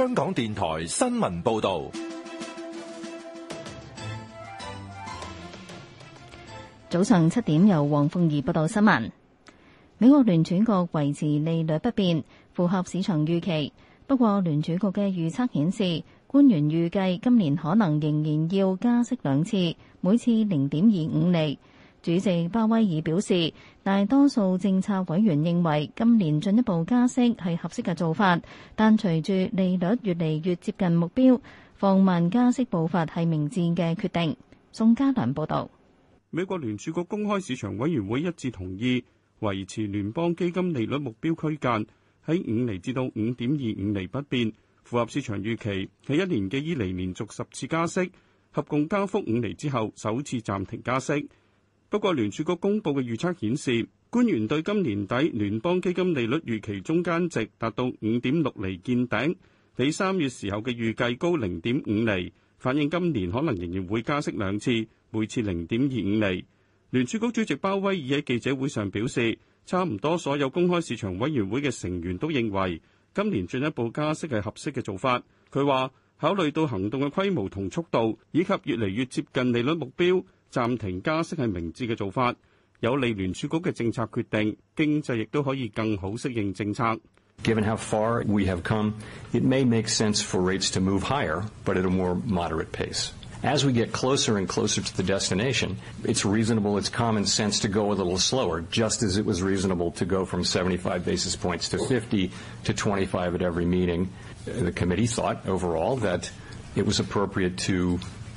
香港電台新聞報道，早上七點由黃鳳儀報道新聞。美國聯儲局維持利率不變，符合市場預期。不過，聯儲局嘅預測顯示，官員預計今年可能仍然要加息兩次，每次零點二五厘。主席鮑威爾表示，大多數政策委員認為今年進一步加息係合適嘅做法，但隨住利率越嚟越接近目標，放慢加息步伐係明智嘅決定。宋嘉良報道，美國聯儲局公開市場委員會一致同意維持聯邦基金利率目標區間喺五厘至到五點二五厘不變，符合市場預期。喺一年嘅以嚟連續十次加息，合共加幅五厘之後，首次暫停加息。不過聯儲局公佈嘅預測顯示，官員對今年底聯邦基金利率預期中間值達到五點六厘見頂，比三月時候嘅預計高零點五厘，反映今年可能仍然會加息兩次，每次零點二五厘。聯儲局主席鮑威爾喺記者會上表示，差唔多所有公開市場委員會嘅成員都認為，今年進一步加息係合適嘅做法。佢話，考慮到行動嘅規模同速度，以及越嚟越接近利率目標。暫停加息係明智嘅做法，有利聯儲局嘅政策決定，經濟亦都可以更好適應政策。Given how far we have come, it may make sense for rates to move higher, but at a more moderate pace. As we get closer and closer to the destination, it's reasonable, it's common sense to go a little slower, just as it was reasonable to go from 75 basis points to 50 to 25 at every meeting. The committee thought overall that it was appropriate to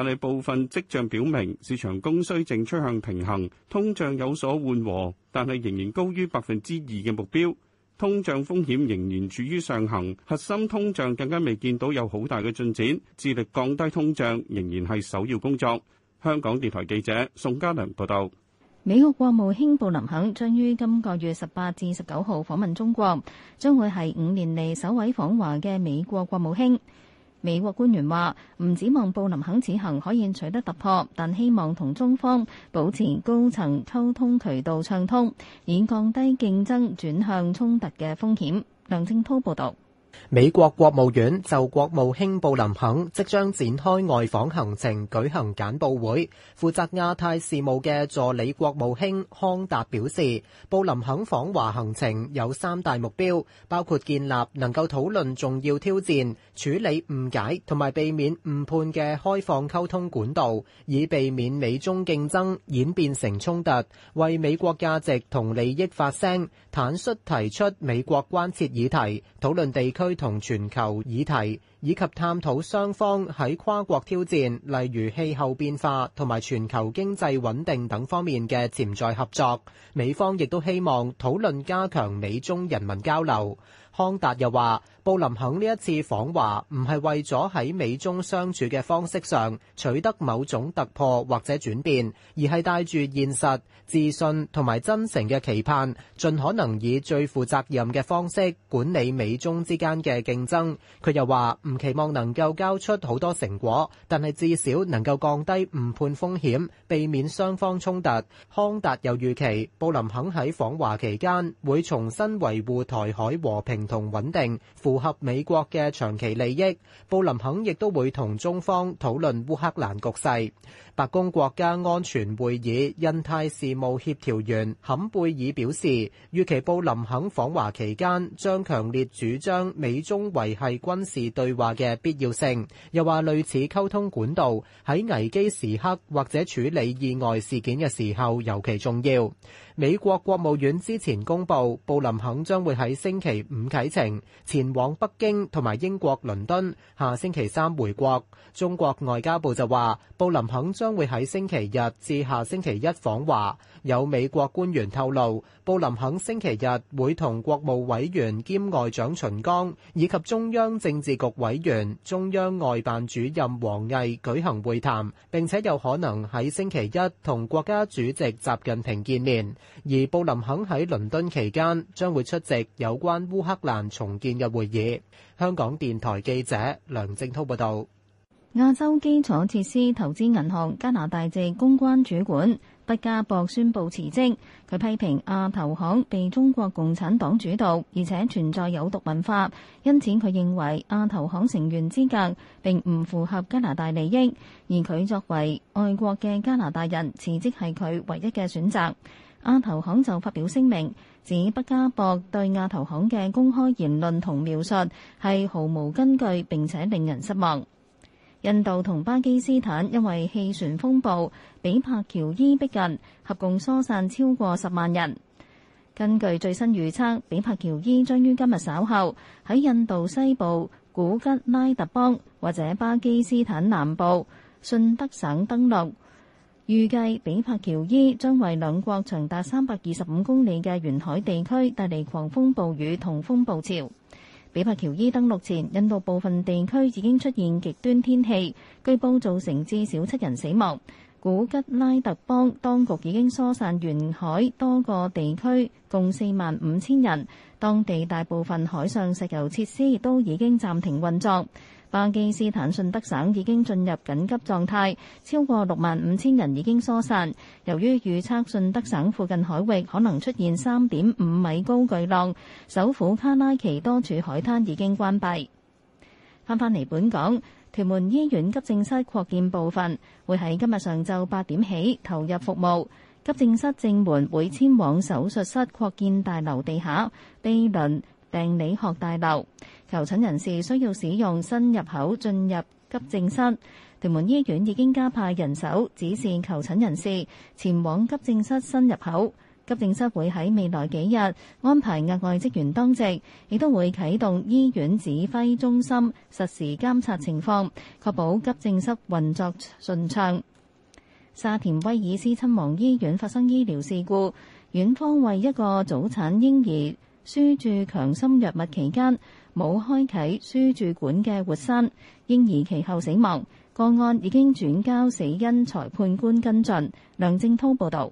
但係部分跡象表明，市場供需正趨向平衡，通脹有所緩和，但係仍然高於百分之二嘅目標。通脹風險仍然處於上行，核心通脹更加未見到有好大嘅進展。致力降低通脹仍然係首要工作。香港電台記者宋家良報道。美國國務卿布林肯將於今個月十八至十九號訪問中國，將會係五年嚟首位訪華嘅美國國務卿。美國官員話：唔指望布林肯此行可以取得突破，但希望同中方保持高層溝通渠道暢通，以降低競爭轉向衝突嘅風險。梁正濤報導。美國國務院就國務卿布林肯即將展開外訪行程舉行簡報會，負責亞太事務嘅助理國務卿康達表示，布林肯訪華行程有三大目標，包括建立能夠討論重要挑戰、處理誤解同埋避免誤判嘅開放溝通管道，以避免美中競爭演變成衝突；為美國價值同利益發聲，坦率提出美國關切議題，討論地區區同全球議題。以及探討雙方喺跨國挑戰，例如氣候變化同埋全球經濟穩定等方面嘅潛在合作。美方亦都希望討論加強美中人民交流。康達又話：布林肯呢一次訪華唔係為咗喺美中相處嘅方式上取得某種突破或者轉變，而係帶住現實、自信同埋真誠嘅期盼，盡可能以最負責任嘅方式管理美中之間嘅競爭。佢又話：唔期望能夠交出好多成果，但係至少能夠降低誤判風險，避免雙方衝突。康達又預期布林肯喺訪華期間會重新維護台海和平同穩定，符合美國嘅長期利益。布林肯亦都會同中方討論烏克蘭局勢。白宮國家安全會議印太事務協調員坎貝爾表示，預期布林肯訪華期間將強烈主張美中維繫軍事對話嘅必要性，又話類似溝通管道喺危機時刻或者處理意外事件嘅時候尤其重要。美國國務院之前公布，布林肯將會喺星期五啟程前往北京同埋英國倫敦，下星期三回國。中國外交部就話，布林肯將會喺星期日至下星期一訪華。有美國官員透露，布林肯星期日會同國務委員兼外長秦剛以及中央政治局委委員、中央外辦主任王毅舉行會談，並且有可能喺星期一同國家主席習近平見面。而布林肯喺倫敦期間將會出席有關烏克蘭重建嘅會議。香港電台記者梁正滔報道。亞洲基礎設施投資銀行加拿大籍公關主管畢加博宣布辭職。佢批評亞投行被中國共產黨主導，而且存在有毒文化，因此佢認為亞投行成員資格並唔符合加拿大利益。而佢作為愛國嘅加拿大人，辭職係佢唯一嘅選擇。亞投行就發表聲明，指畢加博對亞投行嘅公開言論同描述係毫無根據，並且令人失望。印度同巴基斯坦因為氣旋風暴比帕喬伊逼近，合共疏散超過十萬人。根據最新預測，比帕喬伊將於今日稍後喺印度西部古吉拉特邦或者巴基斯坦南部信德省登陸，預計比帕喬伊將為兩國長達三百二十五公里嘅沿海地區帶嚟狂風暴雨同風暴潮。比帕喬伊登陸前，印度部分地區已經出現極端天氣，據報造成至少七人死亡。古吉拉特邦當局已經疏散沿海多個地區，共四萬五千人。當地大部分海上石油設施亦都已經暫停運作。巴基斯坦信德省已經進入緊急狀態，超過六萬五千人已經疏散。由於預測信德省附近海域可能出現三點五米高巨浪，首府卡拉奇多處海灘已經關閉。翻返嚟本港，屯門醫院急症室擴建部分會喺今日上晝八點起投入服務，急症室正門會遷往手術室擴建大樓地下，毗鄰病理學大樓。求診人士需要使用新入口進入急症室。屯門醫院已經加派人手指示求診人士前往急症室新入口。急症室會喺未來幾日安排額外職員當值，亦都會啟動醫院指揮中心實時監察情況，確保急症室運作順暢。沙田威爾斯親王醫院發生醫療事故，院方為一個早產嬰兒，輸注強心藥物期間冇開啟輸注管嘅活塞，嬰兒其後死亡。個案已經轉交死因裁判官跟進。梁正濤報道。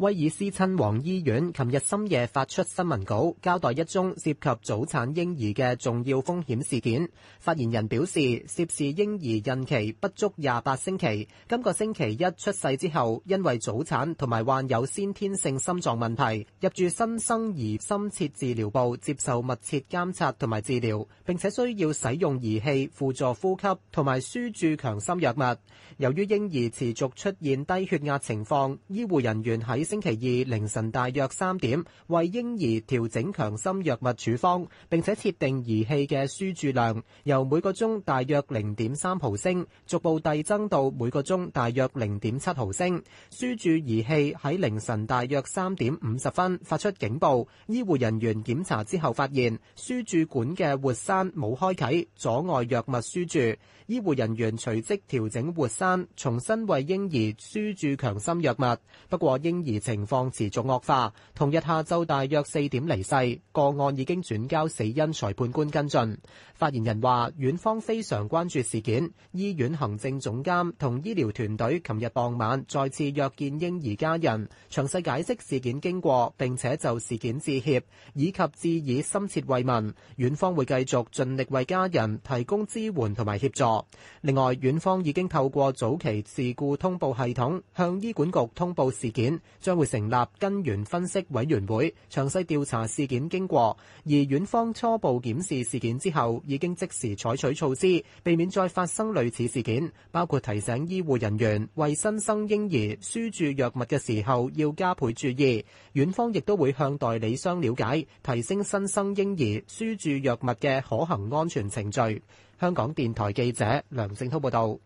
威爾斯親王醫院琴日深夜發出新聞稿，交代一宗涉及早產嬰兒嘅重要風險事件。發言人表示，涉事嬰兒孕期不足廿八星期，今個星期一出世之後，因為早產同埋患有先天性心臟問題，入住新生兒深切治療部接受密切監察同埋治療，並且需要使用儀器輔助呼吸同埋輸注強心藥物。由於嬰兒持續出現低血壓情況，醫護人員喺星期二凌晨大約三點為嬰兒調整強心藥物處方，並且設定儀器嘅輸注量，由每個鐘大約零點三毫升，逐步遞增到每個鐘大約零點七毫升。輸注儀器喺凌晨大約三點五十分發出警報，醫護人員檢查之後發現，輸注管嘅活塞冇開啟，阻礙藥物輸注。醫護人員隨即調整活塞，重新為嬰兒輸注強心藥物。不過嬰兒，情況持續惡化，同日下晝大約四點離世。個案已經轉交死因裁判官跟進。發言人話：院方非常關注事件，醫院行政總監同醫療團隊琴日傍晚再次約見嬰兒家人，詳細解釋事件經過，並且就事件致歉，以及致以深切慰問。院方會繼續盡力為家人提供支援同埋協助。另外，院方已經透過早期事故通報系統向醫管局通報事件。將會成立根源分析委員會，詳細調查事件經過，而院方初步檢視事件之後已經即時採取措施，避免再發生類似事件，包括提醒醫護人員為新生嬰兒輸注藥物嘅時候要加倍注意。院方亦都會向代理商了解，提升新生嬰兒輸注藥物嘅可行安全程序。香港電台記者梁靜濤報道。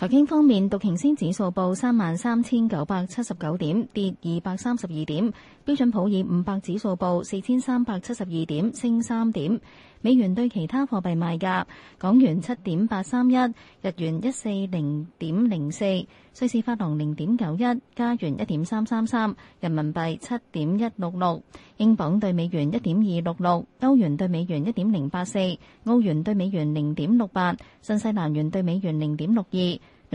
財經方面，道瓊斯指數報三萬三千九百七十九點，跌二百三十二點。標準普爾五百指數報四千三百七十二點，升三點。美元對其他貨幣賣價：港元七點八三一，日元一四零點零四，瑞士法郎零點九一，加元一點三三三，人民幣七點一六六，英鎊對美元一點二六六，歐元對美元一點零八四，澳元對美元零點六八，新西蘭元對美元零點六二。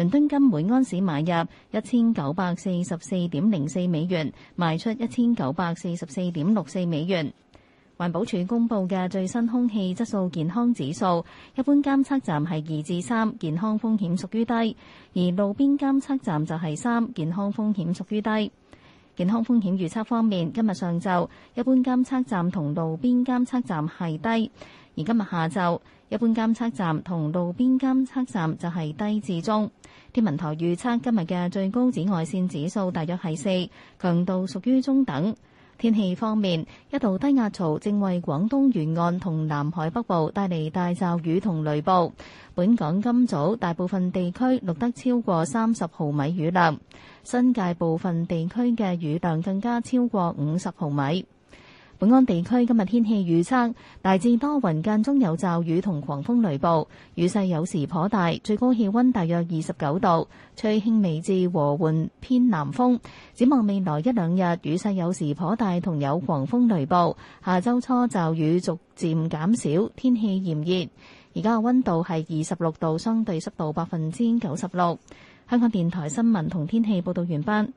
倫敦金每安士買入一千九百四十四點零四美元，賣出一千九百四十四點六四美元。環保署公布嘅最新空氣質素健康指數，一般監測站係二至三，健康風險屬於低；而路邊監測站就係三，健康風險屬於低。健康風險預測方面，今日上晝一般監測站同路邊監測站係低；而今日下晝一般監測站同路邊監測站就係低至中。天文台預測今日嘅最高紫外線指數大約係四，強度屬於中等。天氣方面，一道低壓槽正為廣東沿岸同南海北部帶嚟大驟雨同雷暴。本港今早大部分地區錄得超過三十毫米雨量，新界部分地區嘅雨量更加超過五十毫米。本安地區今日天,天氣預測大致多雲，間中有驟雨同狂風雷暴，雨勢有時頗大，最高氣温大約二十九度，吹輕微至和緩偏南風。展望未來一兩日，雨勢有時頗大同有狂風雷暴，下週初驟雨逐漸減少，天氣炎熱。而家嘅温度係二十六度，相對濕度百分之九十六。香港電台新聞同天氣報道完畢。